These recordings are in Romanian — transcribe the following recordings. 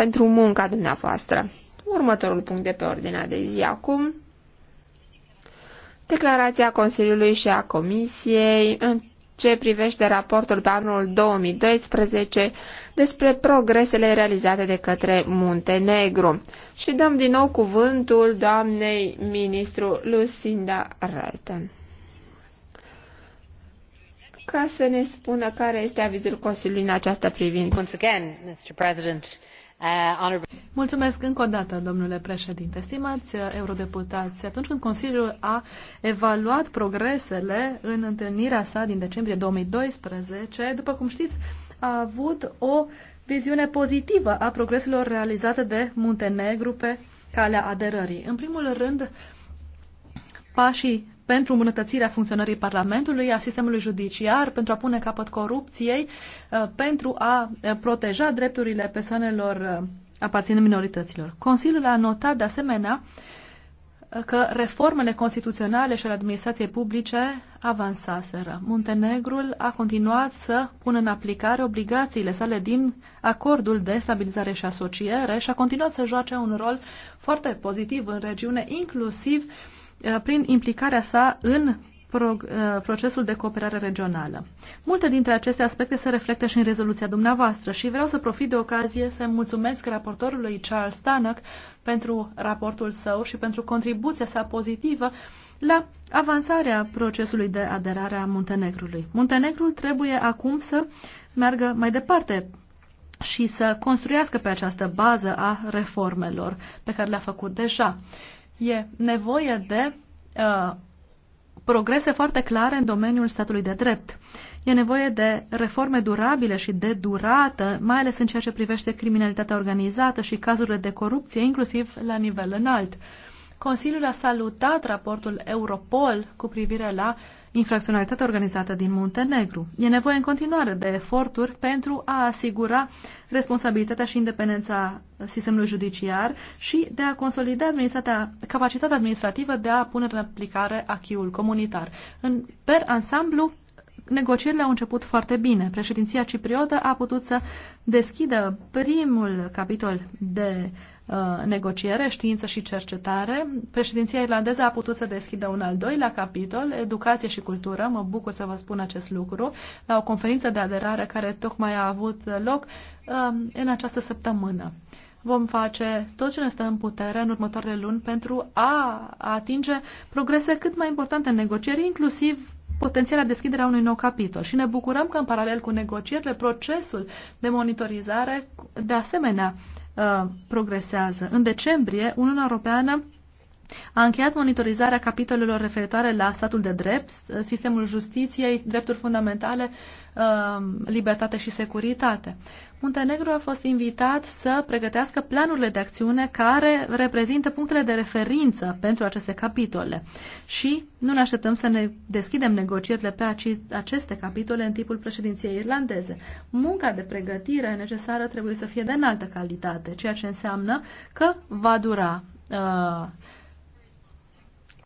pentru munca dumneavoastră. Următorul punct de pe ordinea de zi acum. Declarația Consiliului și a Comisiei în ce privește raportul pe anul 2012 despre progresele realizate de către Muntenegru. Și dăm din nou cuvântul doamnei ministru Lucinda Rătăn. ca să ne spună care este avizul Consiliului în această privință. Once again, Mr. President, Uh, Mulțumesc încă o dată, domnule președinte. Stimați uh, eurodeputați, atunci când Consiliul a evaluat progresele în întâlnirea sa din decembrie 2012, după cum știți, a avut o viziune pozitivă a progreselor realizate de Muntenegru pe calea aderării. În primul rând, pașii pentru îmbunătățirea funcționării Parlamentului, a sistemului judiciar, pentru a pune capăt corupției, uh, pentru a uh, proteja drepturile persoanelor uh, aparținând minorităților. Consiliul a notat de asemenea că reformele constituționale și ale administrației publice avansaseră. Muntenegrul a continuat să pună în aplicare obligațiile sale din acordul de stabilizare și asociere și a continuat să joace un rol foarte pozitiv în regiune, inclusiv uh, Uh, prin implicarea sa în uh, procesul de cooperare regională. Multe dintre aceste aspecte se reflectă și în rezoluția dumneavoastră și vreau să profit de ocazie să mulțumesc raportorului Charles Stanock pentru raportul său și pentru contribuția sa pozitivă la avansarea procesului de aderare a Muntenegrului. Muntenegrul trebuie acum să meargă mai departe și să construiască pe această bază a reformelor pe care le-a făcut deja. E nevoie de uh, progrese foarte clare în domeniul statului de drept. E nevoie de reforme durabile și de durată, mai ales în ceea ce privește criminalitatea organizată și cazurile de corupție, inclusiv la nivel înalt. Consiliul a salutat raportul Europol cu privire la uh, infracționalitatea organizată din Muntenegru. E nevoie în continuare de eforturi pentru a asigura responsabilitatea și independența sistemului judiciar și de a consolida administrația, capacitatea administrativă de a pune în aplicare achiul comunitar. În, per ansamblu, negocierile au început foarte bine. Președinția cipriotă a putut să deschidă primul capitol de Uh, negociere, știință și cercetare. Președinția irlandeză a putut să deschidă un al doilea capitol, educație și cultură. Mă bucur să vă spun acest lucru. La o conferință de aderare care tocmai a avut loc uh, în această săptămână. Vom face tot ce ne stă în putere în următoarele luni pentru a atinge progrese cât mai importante în negocieri, inclusiv potențiala deschiderea unui nou capitol și ne bucurăm că în paralel cu negocierile, procesul de monitorizare de asemenea Uh, progresează. În decembrie, Uniunea Europeană a încheiat monitorizarea capitolelor referitoare la statul de drept, sistemul justiției, drepturi fundamentale, um, libertate și securitate. Muntenegru a fost invitat să pregătească planurile de acțiune care reprezintă punctele de referință pentru aceste capitole și nu ne așteptăm să ne deschidem negocierile pe aceste capitole în timpul președinției irlandeze. Munca de pregătire necesară trebuie să fie de înaltă calitate, ceea ce înseamnă că va dura uh,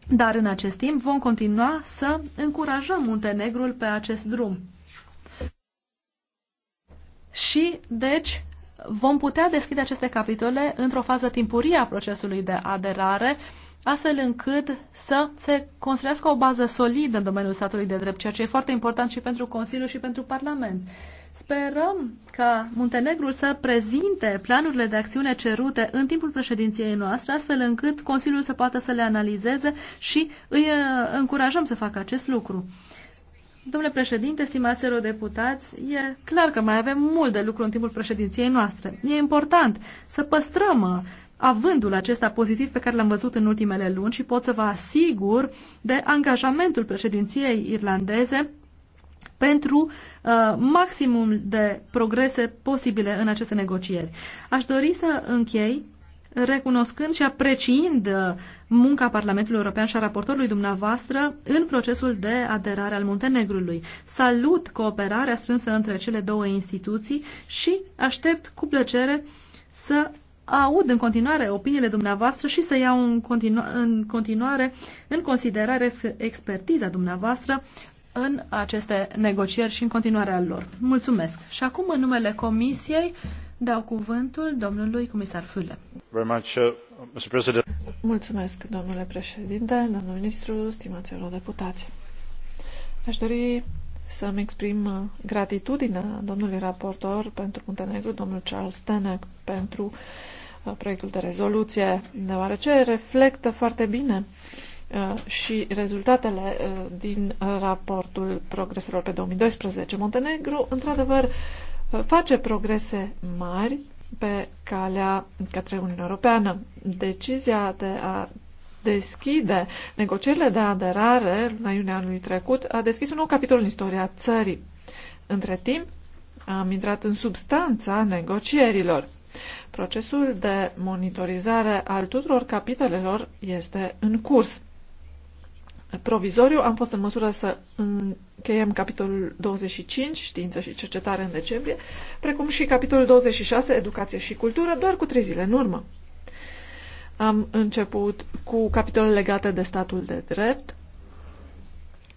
dar în acest timp vom continua să încurajăm Muntenegrul pe acest drum. Și, deci, vom putea deschide aceste capitole într-o fază timpurie a procesului de aderare astfel încât să se construiască o bază solidă în domeniul statului de drept, ceea ce e foarte important și pentru Consiliu și pentru Parlament. Sperăm ca Muntenegru să prezinte planurile de acțiune cerute în timpul președinției noastre, astfel încât Consiliul să poată să le analizeze și îi uh, încurajăm să facă acest lucru. Domnule președinte, stimați deputați, e clar că mai avem mult de lucru în timpul președinției noastre. E important să păstrăm uh, avândul acesta pozitiv pe care l-am văzut în ultimele luni și pot să vă asigur de angajamentul președinției irlandeze pentru uh, maximum de progrese posibile în aceste negocieri. Aș dori să închei recunoscând și apreciind uh, munca Parlamentului European și a raportorului dumneavoastră în procesul de aderare al Muntenegrului. Salut cooperarea strânsă între cele două instituții și aștept cu plăcere să aud în continuare opiniile dumneavoastră și să iau în, continu- în continuare în considerare expertiza dumneavoastră în aceste negocieri și în continuarea lor. Mulțumesc. Și acum, în numele Comisiei, dau cuvântul domnului comisar Füle. Very much, uh, Mr. President. Mulțumesc, domnule președinte, domnul ministru, stimați deputați. Aș dori să-mi exprim uh, gratitudinea domnului raportor pentru Muntenegru, domnul Charles Tenek, pentru uh, proiectul de rezoluție, deoarece reflectă foarte bine uh, și rezultatele din raportul progreselor pe 2012. Montenegru, într-adevăr, face progrese mari pe calea către Uniunea Europeană. Decizia de a deschide negocierile de aderare la iunie anului trecut, a deschis un nou capitol în istoria țării. Între timp, am intrat în substanța negocierilor. Procesul de monitorizare al tuturor capitolelor este în curs. Provizoriu am fost în măsură să încheiem capitolul 25, știință și cercetare în decembrie, precum și capitolul 26, educație și cultură, doar cu trei zile în urmă. Am început cu capitolele legate de statul de drept,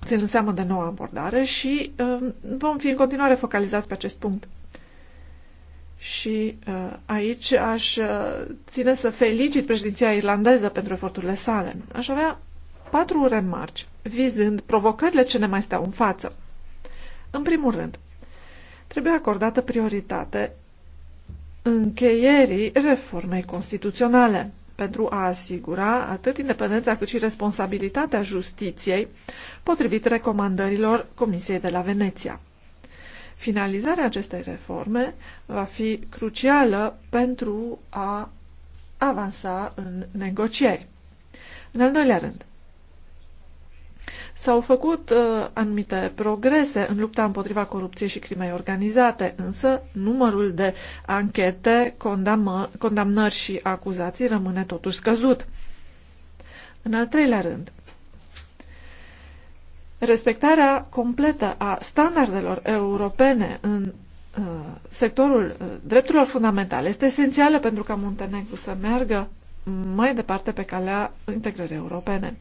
ținând seama de noua abordare și uh, vom fi în continuare focalizați pe acest punct. Și uh, aici aș uh, ține să felicit președinția irlandeză pentru eforturile sale. Aș avea patru remarci vizând provocările ce ne mai stau în față. În primul rând, trebuie acordată prioritate încheierii reformei constituționale pentru a asigura atât independența cât și responsabilitatea justiției, potrivit recomandărilor Comisiei de la Veneția. Finalizarea acestei reforme va fi crucială pentru a avansa în negocieri. În al doilea rând, S-au făcut uh, anumite progrese în lupta împotriva corupției și crimei organizate, însă numărul de anchete, condamă, condamnări și acuzații rămâne totuși scăzut. În al treilea rând, respectarea completă a standardelor europene în uh, sectorul uh, drepturilor fundamentale este esențială pentru ca Muntenegru să meargă mai departe pe calea integrării europene.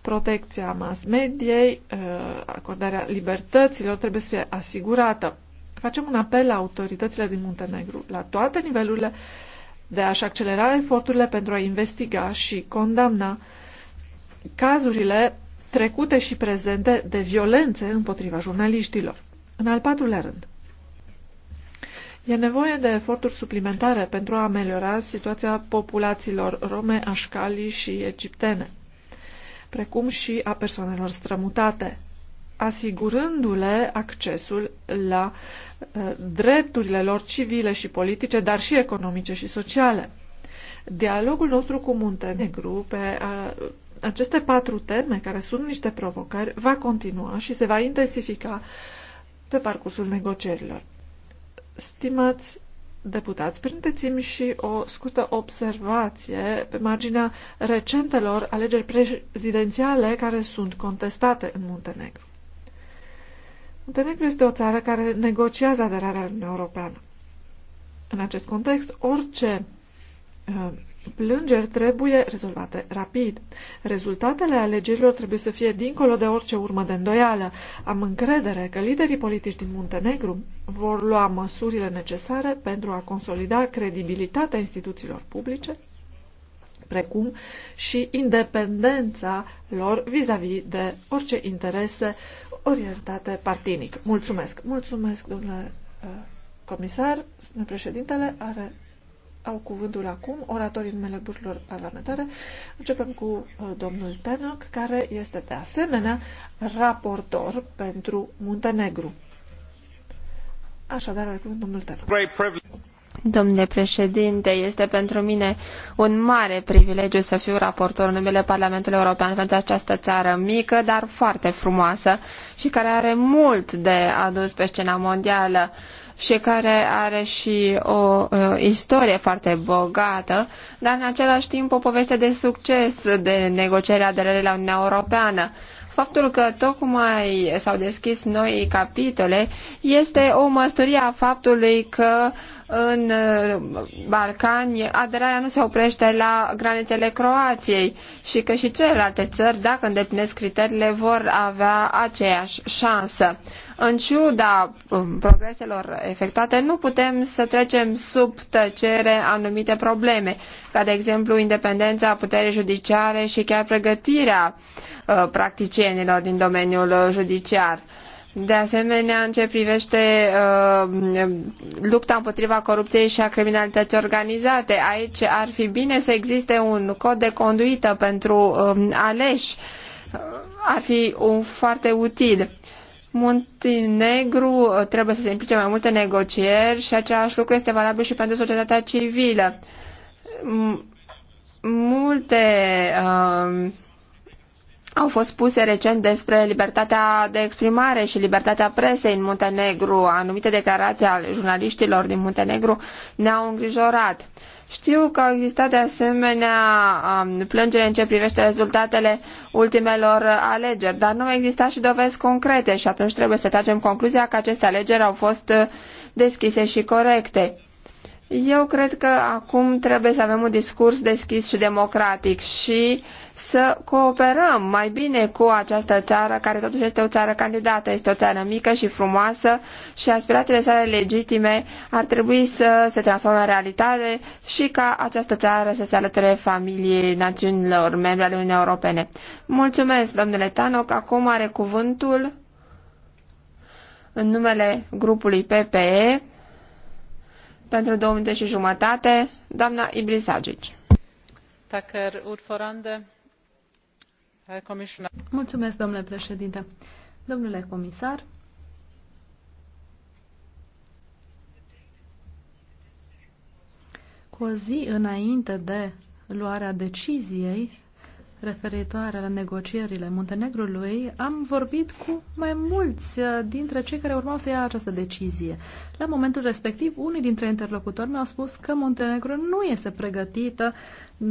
Protecția mass mediei, uh, acordarea libertăților trebuie să fie asigurată. Facem un apel la autoritățile din Muntenegru, la toate nivelurile, de a-și accelera eforturile pentru a investiga și condamna cazurile trecute și prezente de violențe împotriva jurnaliștilor. În al patrulea rând, e nevoie de eforturi suplimentare pentru a ameliora situația populațiilor rome, așcalii și egiptene precum și a persoanelor strămutate, asigurându-le accesul la uh, drepturile lor civile și politice, dar și economice și sociale. Dialogul nostru cu Muntenegru pe uh, aceste patru teme, care sunt niște provocări, va continua și se va intensifica pe parcursul negocierilor. Stimați deputați, permiteți-mi și o scurtă observație pe marginea recentelor alegeri prezidențiale care sunt contestate în Muntenegru. Muntenegru este o țară care negociază aderarea Uniunii Europeană. În acest context, orice uh, plângeri trebuie rezolvate rapid. Rezultatele alegerilor trebuie să fie dincolo de orice urmă de îndoială. Am încredere că liderii politici din Muntenegru vor lua măsurile necesare pentru a consolida credibilitatea instituțiilor publice, precum și independența lor vis-a-vis -vis de orice interese orientate partinic. Mulțumesc! Mulțumesc, domnule uh, comisar, spune președintele, are au cuvântul acum oratorii numele grupurilor parlamentare. Începem cu uh, domnul Tenoc, care este de asemenea raportor pentru Muntenegru. Așadar, acum domnul Tenoc. Domnule președinte, este pentru mine un mare privilegiu să fiu raportor în numele Parlamentului European pentru această țară mică, dar foarte frumoasă și care are mult de adus pe scena mondială și care are și o uh, istorie foarte bogată, dar în același timp o poveste de succes de negocierea aderării la Uniunea Europeană. Faptul că tocmai s-au deschis noi capitole este o mărturie a faptului că în uh, Balcani aderarea nu se oprește la granițele Croației și că și celelalte țări, dacă îndeplinesc criteriile, vor avea aceeași șansă. În ciuda um, progreselor efectuate, nu putem să trecem sub tăcere anumite probleme, ca de exemplu independența puterii judiciare și chiar pregătirea uh, practicienilor din domeniul judiciar. De asemenea, în ce privește uh, lupta împotriva corupției și a criminalității organizate, aici ar fi bine să existe un cod de conduită pentru uh, aleși. Uh, ar fi un foarte util. Montenegru uh, trebuie să se implice mai multe negocieri și același lucru este valabil și pentru societatea civilă. Multe uh, au fost puse recent despre libertatea de exprimare și libertatea presei în Muntenegru. Anumite declarații ale jurnaliștilor din Muntenegru ne-au îngrijorat. Știu că au existat de asemenea um, plângeri în ce privește rezultatele ultimelor alegeri, dar nu exista și dovezi concrete și atunci trebuie să tragem concluzia că aceste alegeri au fost uh, deschise și corecte. Eu cred că acum trebuie să avem un discurs deschis și democratic și să cooperăm mai bine cu această țară, care totuși este o țară candidată, este o țară mică și frumoasă și aspirațiile sale legitime ar trebui să se transforme în realitate și ca această țară să se alăture familiei națiunilor membre ale Uniunii Europene. Mulțumesc, domnule Tanoc. Acum are cuvântul în numele grupului PPE pentru două minute și jumătate, doamna Ibrisagici. Tacker, urforande. Mulțumesc, domnule președinte. Domnule comisar, cu o zi înainte de luarea deciziei referitoare la negocierile Muntenegrului, am vorbit cu mai mulți uh, dintre cei care urmau să ia această decizie. La momentul respectiv, unii dintre interlocutori mi-au spus că Muntenegru nu este pregătită uh,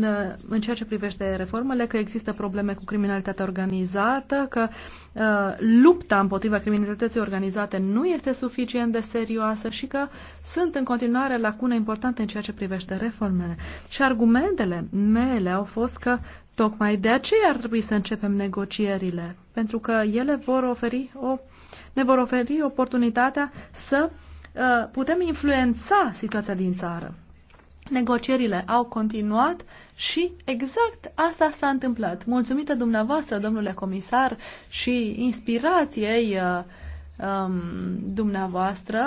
în, ceea ce privește reformele, că există probleme cu criminalitatea organizată, că uh, lupta împotriva criminalității organizate nu este suficient de serioasă și că sunt în continuare lacune importante în ceea ce privește reformele. Și argumentele mele au fost că Tocmai de aceea ar trebui să începem negocierile, pentru că ele vor oferi o, ne vor oferi oportunitatea să uh, putem influența situația din țară. Negocierile au continuat și exact asta s-a întâmplat. Mulțumită dumneavoastră, domnule comisar, și inspirației uh, um, dumneavoastră,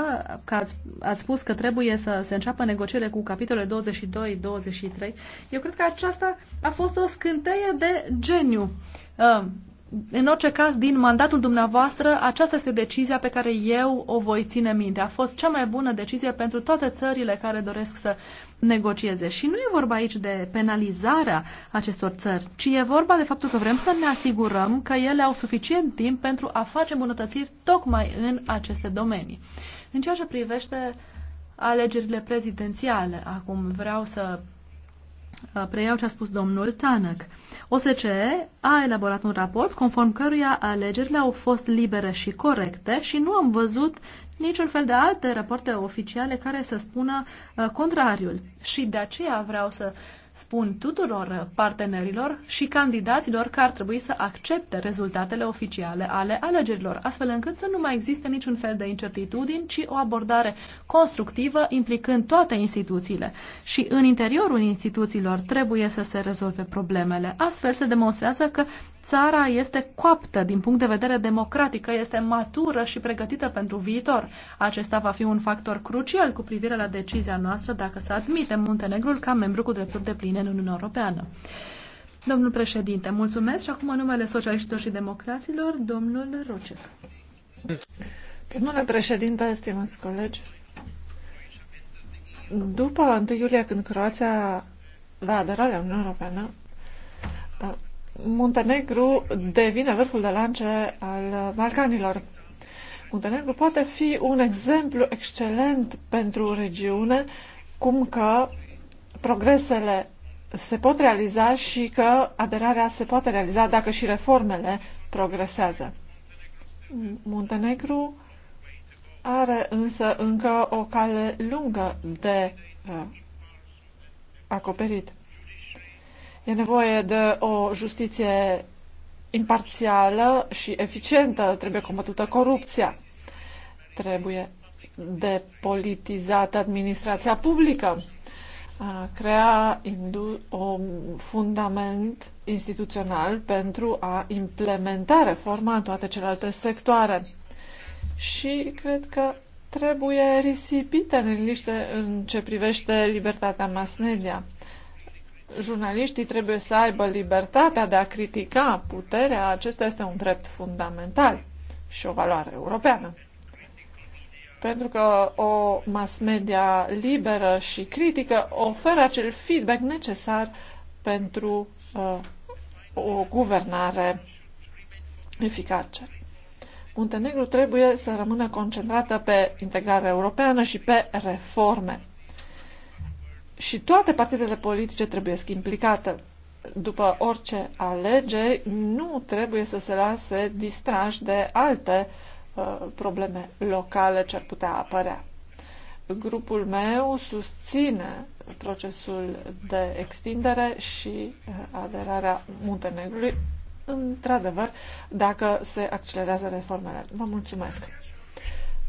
că ați, ați spus că trebuie să se înceapă negociere cu capitolele 22-23, eu cred că aceasta a fost o scânteie de geniu. Um, în orice caz, din mandatul dumneavoastră, aceasta este decizia pe care eu o voi ține minte. A fost cea mai bună decizie pentru toate țările care doresc să negocieze. Și nu e vorba aici de penalizarea acestor țări, ci e vorba de faptul că vrem să ne asigurăm că ele au suficient timp pentru a face îmbunătățiri tocmai în aceste domenii. În ceea ce privește alegerile prezidențiale, acum vreau să uh, preiau ce a spus domnul Tanăc. OSCE a elaborat un raport conform căruia alegerile au fost libere și corecte și nu am văzut niciun fel de alte rapoarte oficiale care să spună uh, contrariul. Și de aceea vreau să spun tuturor partenerilor și candidaților că ar trebui să accepte rezultatele oficiale ale alegerilor, astfel încât să nu mai existe niciun fel de incertitudini, ci o abordare constructivă implicând toate instituțiile. Și în interiorul instituțiilor trebuie să se rezolve problemele. Astfel se demonstrează că țara este coaptă din punct de vedere democratic, că este matură și pregătită pentru viitor. Acesta va fi un factor crucial cu privire la decizia noastră dacă să admitem Muntenegrul ca membru cu drepturi de pline în Uniunea Europeană. Domnul președinte, mulțumesc și acum numele socialiștilor și democraților, domnul Rocec. Domnule președinte, estimați colegi, după 1 iulie, când Croația va la Uniunea Europeană, Muntenegru devine vârful de lance al Balcanilor. Muntenegru poate fi un exemplu excelent pentru regiune, cum că progresele se pot realiza și că aderarea se poate realiza dacă și reformele progresează. Muntenegru are însă încă o cale lungă de uh, acoperit. E nevoie de o justiție imparțială și eficientă, trebuie combătută corupția, trebuie depolitizată administrația publică, a crea un fundament instituțional pentru a implementa reforma în toate celelalte sectoare. Și cred că trebuie risipite neliniște în ce privește libertatea mass media. Jurnaliștii trebuie să aibă libertatea de a critica puterea, acesta este un drept fundamental și o valoare europeană pentru că o mass media liberă și critică oferă acel feedback necesar pentru uh, o guvernare eficace. Muntenegru trebuie să rămână concentrată pe integrarea europeană și pe reforme. Și toate partidele politice trebuie să implicate. După orice alegeri, nu trebuie să se lase distrași de alte uh, Uh, probleme locale ce ar putea apărea. Grupul meu susține procesul de extindere și uh, aderarea Muntenegrului, într-adevăr, dacă se accelerează reformele. Vă mulțumesc!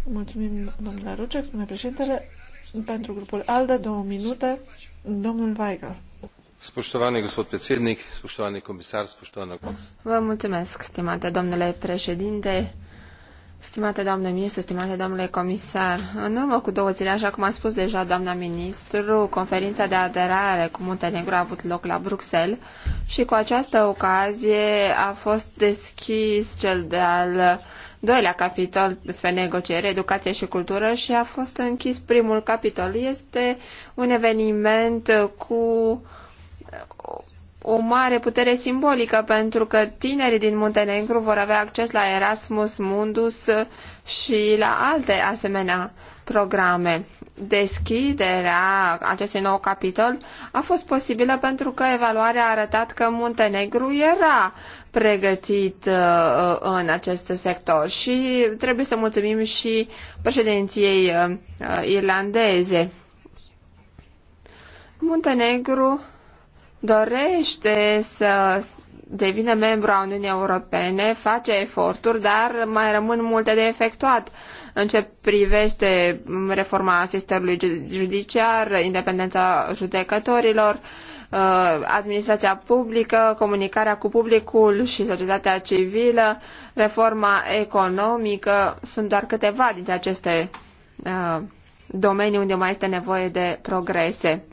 Mulțumim, domnule Rucec, domnule președintele. Pentru grupul ALDE, două minute, domnul Weigel. Spoștovane, gospod predsednic, spoștovane comisar, Vă mulțumesc, stimate domnule președinte, Stimate doamne ministru, stimate domnule comisar, în urmă cu două zile, așa cum a spus deja doamna ministru, conferința de aderare cu Muntenegru a avut loc la Bruxelles și cu această ocazie a fost deschis cel de-al doilea capitol despre negociere, educație și cultură și a fost închis primul capitol. Este un eveniment cu o mare putere simbolică pentru că tinerii din Muntenegru vor avea acces la Erasmus Mundus și la alte asemenea programe. Deschiderea acestui nou capitol a fost posibilă pentru că evaluarea a arătat că Muntenegru era pregătit uh, în acest sector și trebuie să mulțumim și președinției uh, irlandeze. Muntenegru dorește să devină membru a Uniunii Europene, face eforturi, dar mai rămân multe de efectuat în ce privește reforma sistemului judiciar, independența judecătorilor, uh, administrația publică, comunicarea cu publicul și societatea civilă, reforma economică, sunt doar câteva dintre aceste uh, domenii unde mai este nevoie de progrese.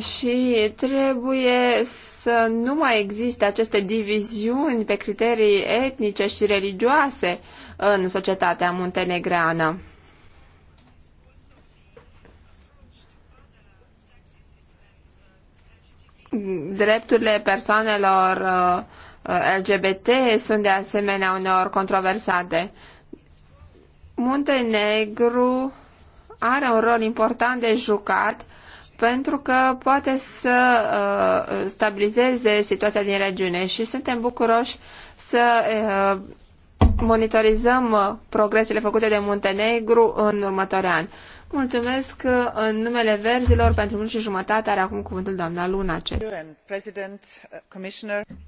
și trebuie să nu mai existe aceste diviziuni pe criterii etnice și religioase în societatea muntenegreană. Drepturile persoanelor uh, LGBT sunt de asemenea uneori controversate. Muntenegru are un rol important de jucat pentru că poate să uh, stabilizeze situația din regiune și suntem bucuroși să uh, monitorizăm uh, progresele făcute de Muntenegru în următoarea an. Mulțumesc uh, în numele verzilor pentru minut și jumătate. Are acum cuvântul doamna Lunacek.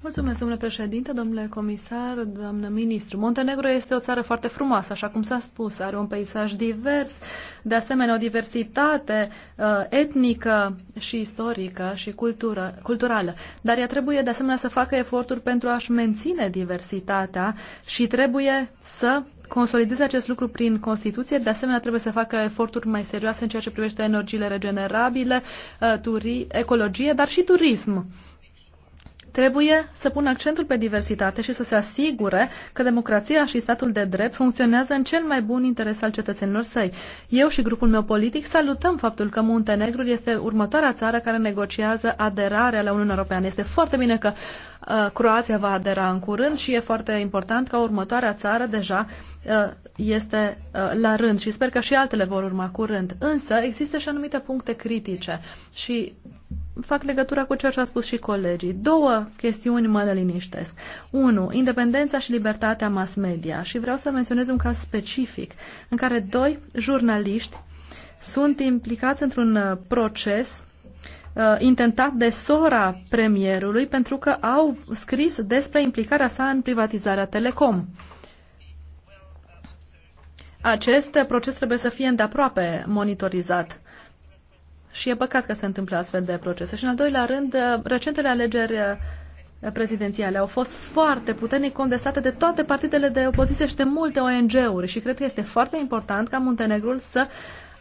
Mulțumesc, domnule președinte, domnule comisar, doamnă ministru. Montenegro este o țară foarte frumoasă, așa cum s-a spus. Are un peisaj divers, de asemenea o diversitate uh, etnică și istorică și cultură, culturală. Dar ea trebuie de asemenea să facă eforturi pentru a-și menține diversitatea și trebuie să consolideze acest lucru prin Constituție. De asemenea, trebuie să facă eforturi mai serioase în ceea ce privește energiile regenerabile, uh, turi, ecologie, dar și turism trebuie să pună accentul pe diversitate și să se asigure că democrația și statul de drept funcționează în cel mai bun interes al cetățenilor săi. Eu și grupul meu politic salutăm faptul că Muntenegru este următoarea țară care negociază aderarea la Uniunea Europeană. Este foarte bine că uh, Croația va adera în curând și e foarte important ca următoarea țară deja uh, este uh, la rând și sper că și altele vor urma curând. Însă există și anumite puncte critice și fac legătura cu ceea ce a spus și colegii. Două chestiuni mă liniștesc. Unu, independența și libertatea mass media. Și vreau să menționez un caz specific în care doi jurnaliști sunt implicați într-un uh, proces uh, intentat de sora premierului pentru că au scris despre implicarea sa în privatizarea Telecom. Acest proces trebuie să fie îndeaproape monitorizat și e păcat că se întâmplă astfel de procese. Și în al doilea rând, uh, recentele alegeri uh, prezidențiale au fost foarte puternic condesate de toate partidele de opoziție și de multe ONG-uri și cred că este foarte important ca Muntenegrul să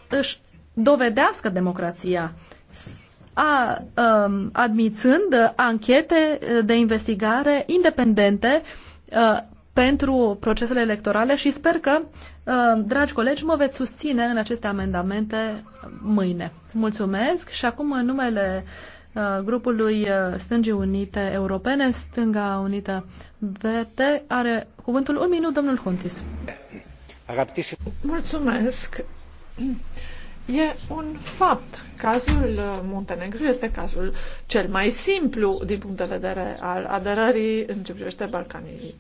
își dovedească democrația a, um, admițând anchete uh, de investigare independente uh, pentru procesele electorale și sper că, uh, dragi colegi, mă veți susține în aceste amendamente mâine. Mulțumesc și acum în numele uh, grupului uh, Stângii Unite Europene, Stânga Unită VT, are cuvântul un minut domnul Huntis. Mulțumesc. E un fapt. Cazul Muntenegru este cazul cel mai simplu din punct de vedere al aderării în ce privește Balcanii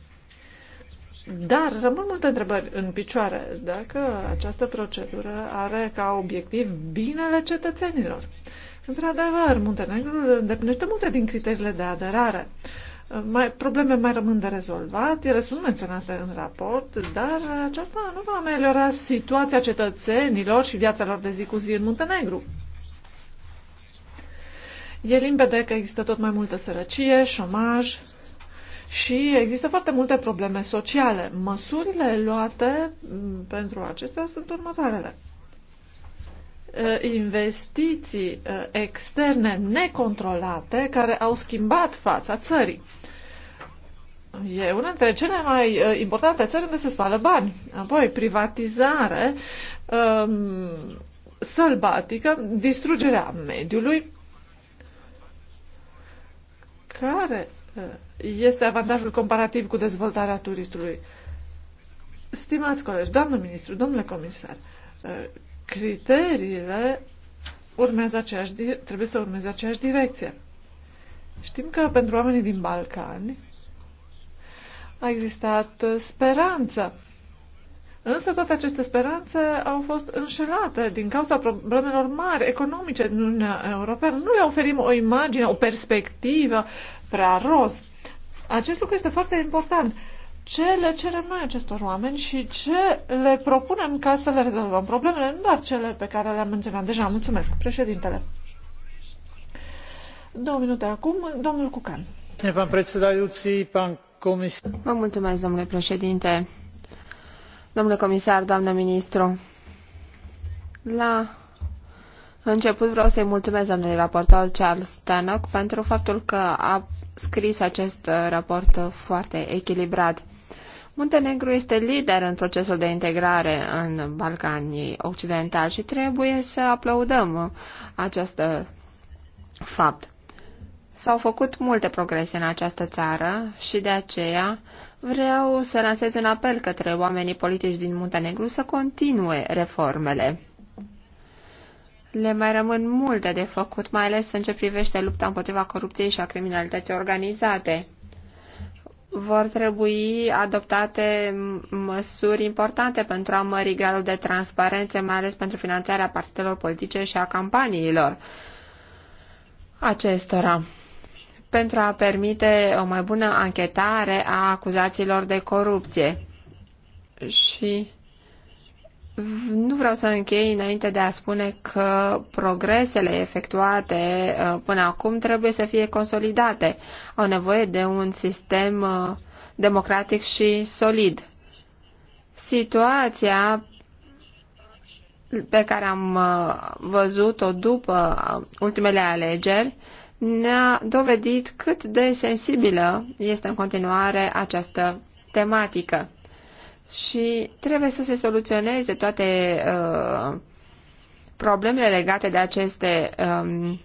dar rămân multe întrebări în picioare dacă această procedură are ca obiectiv binele cetățenilor. Într-adevăr, Muntenegru îndeplinește multe din criteriile de aderare. Mai, probleme mai rămân de rezolvat, ele sunt menționate în raport, dar aceasta nu va ameliora situația cetățenilor și viața lor de zi cu zi în Muntenegru. E limpede că există tot mai multă sărăcie, șomaj, și există foarte multe probleme sociale. Măsurile luate mm, pentru acestea sunt următoarele. Investiții externe necontrolate care au schimbat fața țării. E una dintre cele mai importante țări unde se spală bani. Apoi, privatizare um, sălbatică, distrugerea mediului, care este avantajul comparativ cu dezvoltarea turistului. Stimați colegi, doamnă ministru, domnule comisar, uh, criteriile urmează aceeași, trebuie să urmeze aceeași direcție. Știm că pentru oamenii din Balcani a existat uh, speranță. Însă toate aceste speranțe au fost înșelate din cauza problemelor mari economice din Uniunea Europeană. Nu le oferim o imagine, o perspectivă prea roz. Acest lucru este foarte important. Ce le cerem noi acestor oameni și ce le propunem ca să le rezolvăm problemele, nu doar cele pe care le-am menționat deja. Mulțumesc, președintele. Două minute acum, domnul Cucan. Vă mulțumesc, domnule președinte. Domnule comisar, doamnă ministru, la început vreau să-i mulțumesc domnului raportor Charles Stanock pentru faptul că a scris acest uh, raport foarte echilibrat. Muntenegru este lider în procesul de integrare în Balcanii Occidentali și trebuie să aplaudăm uh, acest uh, fapt. S-au făcut multe progrese în această țară și de aceea vreau să lansez un apel către oamenii politici din Muntenegru să continue reformele le mai rămân multe de făcut, mai ales în ce privește lupta împotriva corupției și a criminalității organizate. Vor trebui adoptate măsuri importante pentru a mări gradul de transparență, mai ales pentru finanțarea partidelor politice și a campaniilor acestora pentru a permite o mai bună anchetare a acuzațiilor de corupție. Și nu vreau să închei înainte de a spune că progresele efectuate uh, până acum trebuie să fie consolidate. Au nevoie de un sistem uh, democratic și solid. Situația pe care am uh, văzut-o după ultimele alegeri ne-a dovedit cât de sensibilă este în continuare această tematică și trebuie să se soluționeze toate uh, problemele legate de aceste um,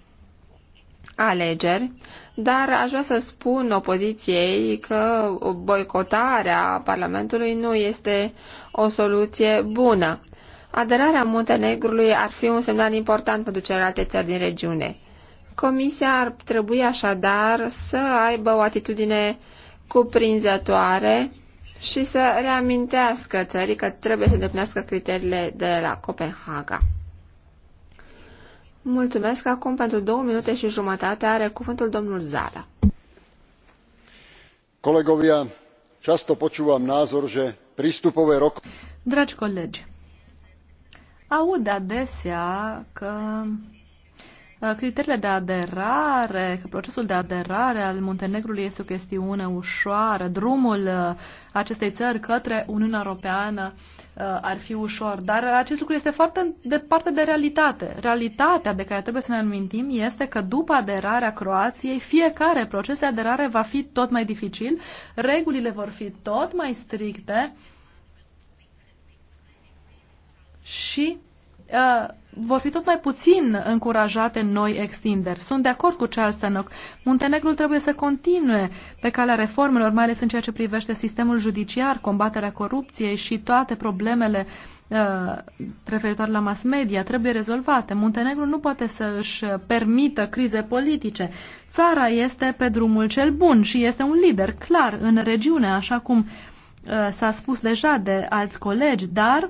alegeri, dar aș vrea să spun opoziției că boicotarea Parlamentului nu este o soluție bună. Aderarea Muntenegrului ar fi un semnal important pentru celelalte țări din regiune. Comisia ar trebui așadar să aibă o atitudine cuprinzătoare și să reamintească țării că trebuie să îndeplinească criteriile de la Copenhaga. Mulțumesc. Acum, pentru două minute și jumătate, are cuvântul domnul Zala. Colegovia, často počúvam názor, že prístupové rok... Dragi colegi, aud adesea că Uh, criteriile de aderare, că procesul de aderare al Muntenegrului este o chestiune ușoară, drumul uh, acestei țări către Uniunea Europeană uh, ar fi ușor, dar acest lucru este foarte departe de realitate. Realitatea de care trebuie să ne amintim este că după aderarea Croației, fiecare proces de aderare va fi tot mai dificil, regulile vor fi tot mai stricte și Uh, vor fi tot mai puțin încurajate noi extinderi. Sunt de acord cu ce Stanock. Muntenegrul trebuie să continue pe calea reformelor, mai ales în ceea ce privește sistemul judiciar, combaterea corupției și toate problemele uh, la mass media trebuie rezolvate. Muntenegru nu poate să își permită crize politice. Țara este pe drumul cel bun și este un lider clar în regiune, așa cum uh, s-a spus deja de alți colegi, dar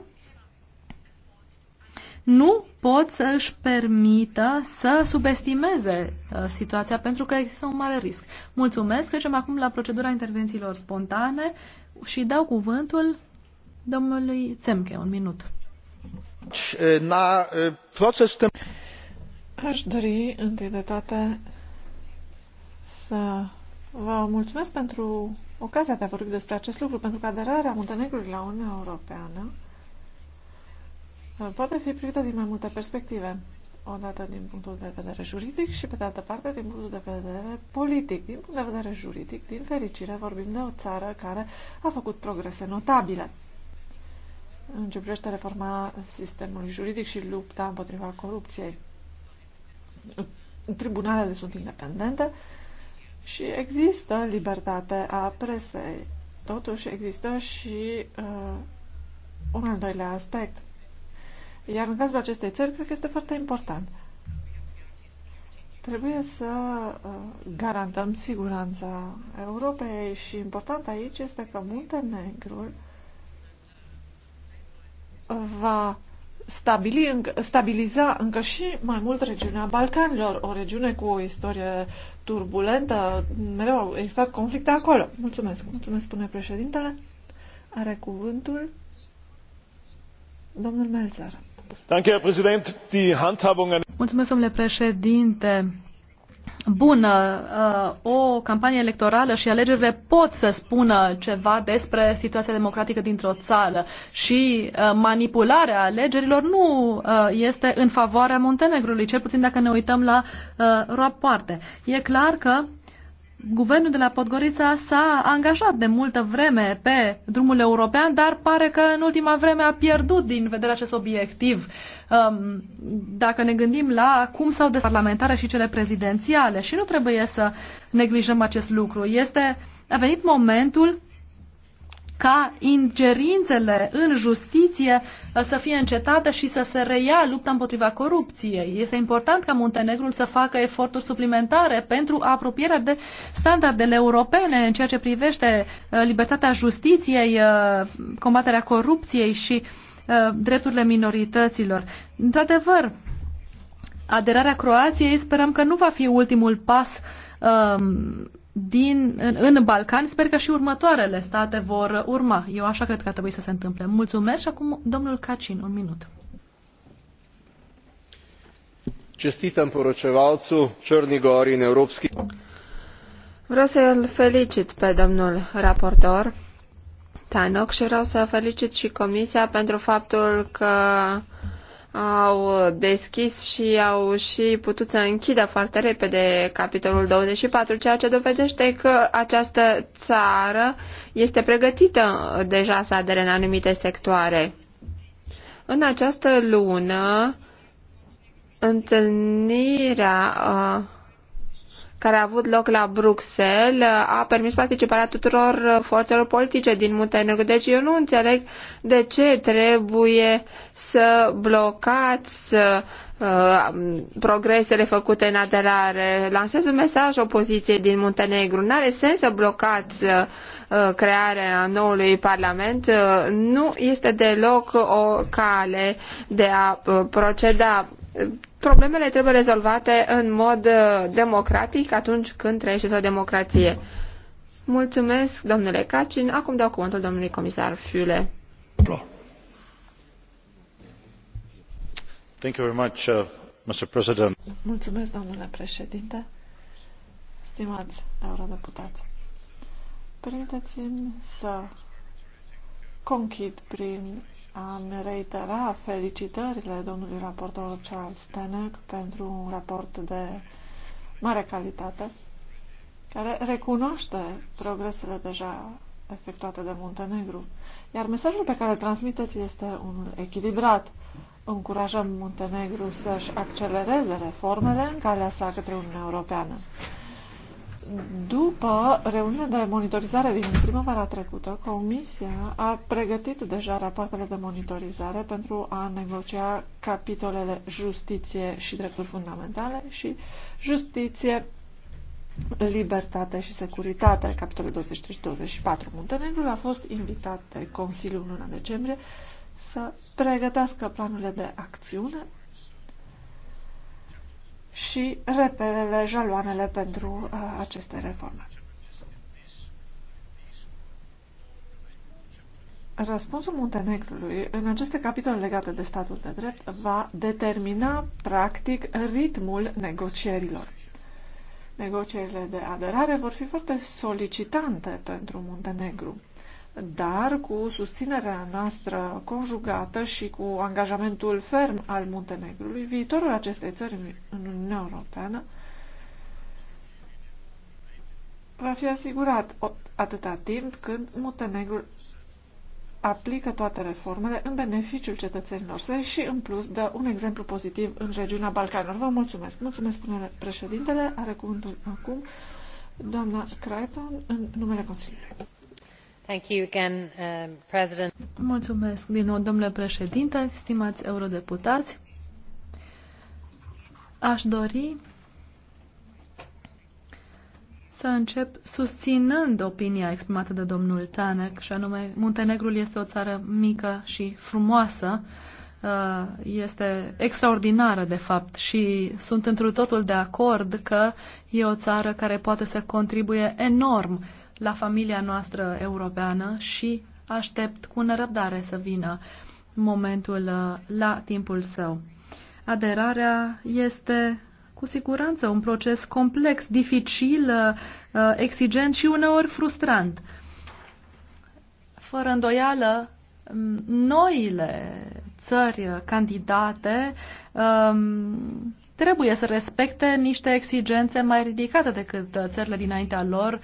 nu pot să își permită să subestimeze uh, situația pentru că există un mare risc. Mulțumesc. Trecem acum la procedura intervențiilor spontane și dau cuvântul domnului Țemche. Un minut. Na, proces Aș dori întâi de toate să vă mulțumesc pentru ocazia de a vorbi despre acest lucru, pentru că aderarea Muntenegrului la Uniunea Europeană poate fi privită din mai multe perspective. O dată din punctul de vedere juridic și, pe de altă parte, din punctul de vedere politic. Din punct de vedere juridic, din fericire, vorbim de o țară care a făcut progrese notabile în ce privește reforma sistemului juridic și lupta împotriva corupției. Tribunalele sunt independente și există libertate a presei. Totuși există și uh, un al doilea aspect – iar în cazul acestei țări, cred că este foarte important. Trebuie să uh, garantăm siguranța Europei și important aici este că Muntenegrul uh, va stabili, stabiliza încă și mai mult regiunea Balcanilor, o regiune cu o istorie turbulentă, mereu au existat conflicte acolo. Mulțumesc, mulțumesc, spune președintele. Are cuvântul domnule președinte. Bună, uh, o campanie electorală și alegerile pot să spună ceva despre situația democratică dintr-o țară și uh, manipularea alegerilor nu uh, este în favoarea Montenegrului, cel puțin dacă ne uităm la rapoarte. E clar că guvernul de la Podgorița s-a angajat de multă vreme pe drumul european, dar pare că în ultima vreme a pierdut din vedere acest obiectiv. Um, dacă ne gândim la cum s-au de parlamentare și cele prezidențiale și nu trebuie să neglijăm acest lucru. Este, a venit momentul ca ingerințele în justiție uh, să fie încetate și să se reia lupta împotriva corupției. Este important ca Muntenegrul să facă eforturi suplimentare pentru apropierea de standardele europene în ceea ce privește uh, libertatea justiției, uh, combaterea corupției și drepturile minorităților. Într-adevăr, aderarea Croației sperăm că nu va fi ultimul pas um, din, în, în Balcani. Sper că și următoarele state vor urma. Eu așa cred că ar trebui să se întâmple. Mulțumesc și acum domnul Cacin, un minut. Cestitam poročevalcu Črni în europski... Vreau să îl felicit pe domnul raportor Tanoc și vreau să felicit și Comisia pentru faptul că au deschis și au și putut să închidă foarte repede capitolul 24, ceea ce dovedește că această țară este pregătită deja să adere în anumite sectoare. În această lună, întâlnirea uh, care a avut loc la Bruxelles a permis participarea tuturor forțelor politice din Muntenegru. Deci eu nu înțeleg de ce trebuie să blocați uh, progresele făcute în aderare. Lansez un mesaj opoziției din Muntenegru. N-are sens să blocați uh, crearea noului parlament. Uh, nu este deloc o cale de a uh, proceda problemele trebuie rezolvate în mod uh, democratic atunci când trăiește o democrație. Mulțumesc, domnule Cacin. Acum dau cuvântul domnului comisar Fiule. Thank you very much, uh, Mr. President. Mulțumesc, domnule președinte. Stimați eurodeputați, permiteți-mi să conchid prin am reitera felicitările domnului raportor Charles Tenek pentru un raport de mare calitate, care recunoaște progresele deja efectuate de Muntenegru. Iar mesajul pe care îl transmiteți este unul echilibrat. Încurajăm Muntenegru să-și accelereze reformele în calea sa către Uniunea Europeană. După reuniunea de monitorizare din primăvara trecută, Comisia a pregătit deja rapoartele de monitorizare pentru a negocia capitolele justiție și drepturi fundamentale și justiție, libertate și securitate, capitolele 23 și 24. Muntenegrul a fost invitat de Consiliul în luna decembrie să pregătească planurile de acțiune și repelele, jaloanele pentru uh, aceste reforme. Răspunsul Muntenegrului în aceste capitole legate de statul de drept va determina, practic, ritmul negocierilor. Negocierile de aderare vor fi foarte solicitante pentru Muntenegru dar cu susținerea noastră conjugată și cu angajamentul ferm al Muntenegrului, viitorul acestei țări în Uniunea Europeană va fi asigurat atâta timp când Muntenegrul aplică toate reformele în beneficiul cetățenilor săi și, în plus, dă un exemplu pozitiv în regiunea Balcanilor. Vă mulțumesc! Mulțumesc, spune președintele. Are cuvântul acum doamna Crichton în numele Consiliului. Um, Mulțumesc domnule președinte, stimați eurodeputați. Aș dori să încep susținând opinia exprimată de domnul Tanek, și anume Muntenegrul este o țară mică și frumoasă, uh, este extraordinară de fapt și sunt întru totul de acord că e o țară care poate să contribuie enorm la familia noastră europeană și aștept cu nerăbdare să vină momentul uh, la timpul său. Aderarea este cu siguranță un proces complex, dificil, uh, uh, exigent și uneori frustrant. Fără îndoială, noile țări candidate um, trebuie să respecte niște exigențe mai ridicate decât țările dinaintea lor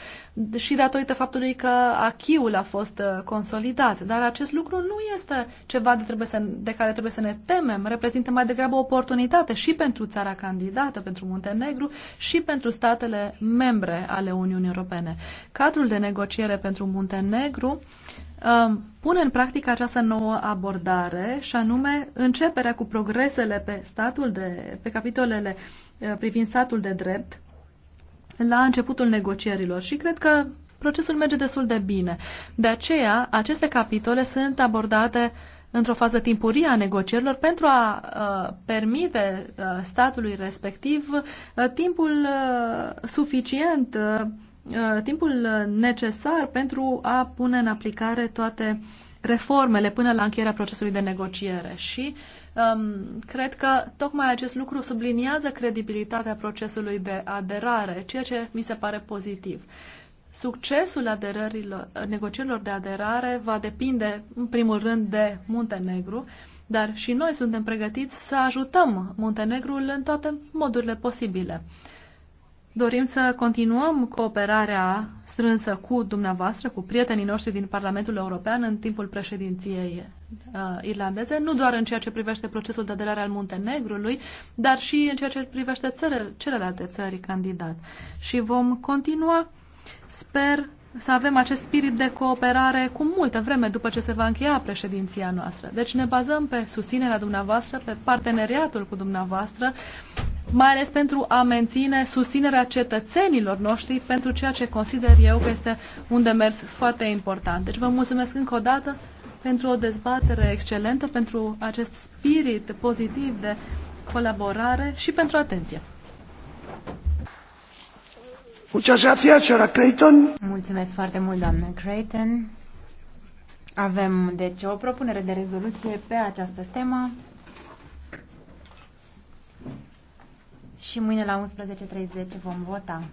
și datorită faptului că achiul a fost uh, consolidat. Dar acest lucru nu este ceva de, trebuie să, de care trebuie să ne temem. Reprezintă mai degrabă o oportunitate și pentru țara candidată, pentru Muntenegru și pentru statele membre ale Uniunii Europene. Cadrul de negociere pentru Muntenegru um, pune în practică această nouă abordare și anume începerea cu progresele pe statul de, pe capitolele uh, privind statul de drept, la începutul negocierilor și cred că procesul merge destul de bine. De aceea, aceste capitole sunt abordate într-o fază timpurie a negocierilor pentru a uh, permite uh, statului respectiv uh, timpul uh, suficient uh, uh timpul uh, necesar pentru a pune în aplicare toate reformele până la încheierea procesului de negociere. Și Um, cred că tocmai acest lucru subliniază credibilitatea procesului de aderare, ceea ce mi se pare pozitiv. Succesul aderărilor, negocierilor de aderare va depinde, în primul rând, de Muntenegru, dar și noi suntem pregătiți să ajutăm Muntenegrul în toate modurile posibile. Dorim să continuăm cooperarea strânsă cu dumneavoastră, cu prietenii noștri din Parlamentul European în timpul președinției uh, irlandeze, nu doar în ceea ce privește procesul de aderare al Muntenegrului, dar și în ceea ce privește țările, celelalte țări candidat. Și vom continua, sper, să avem acest spirit de cooperare cu multă vreme după ce se va încheia președinția noastră. Deci ne bazăm pe susținerea dumneavoastră, pe parteneriatul cu dumneavoastră, mai ales pentru a menține susținerea cetățenilor noștri pentru ceea ce consider eu că este un demers foarte important. Deci vă mulțumesc încă o dată pentru o dezbatere excelentă, pentru acest spirit pozitiv de colaborare și pentru atenție. Mulțumesc foarte mult, doamnă Creighton. Avem, deci, o propunere de rezoluție pe această temă. Și mâine la 11.30 vom vota.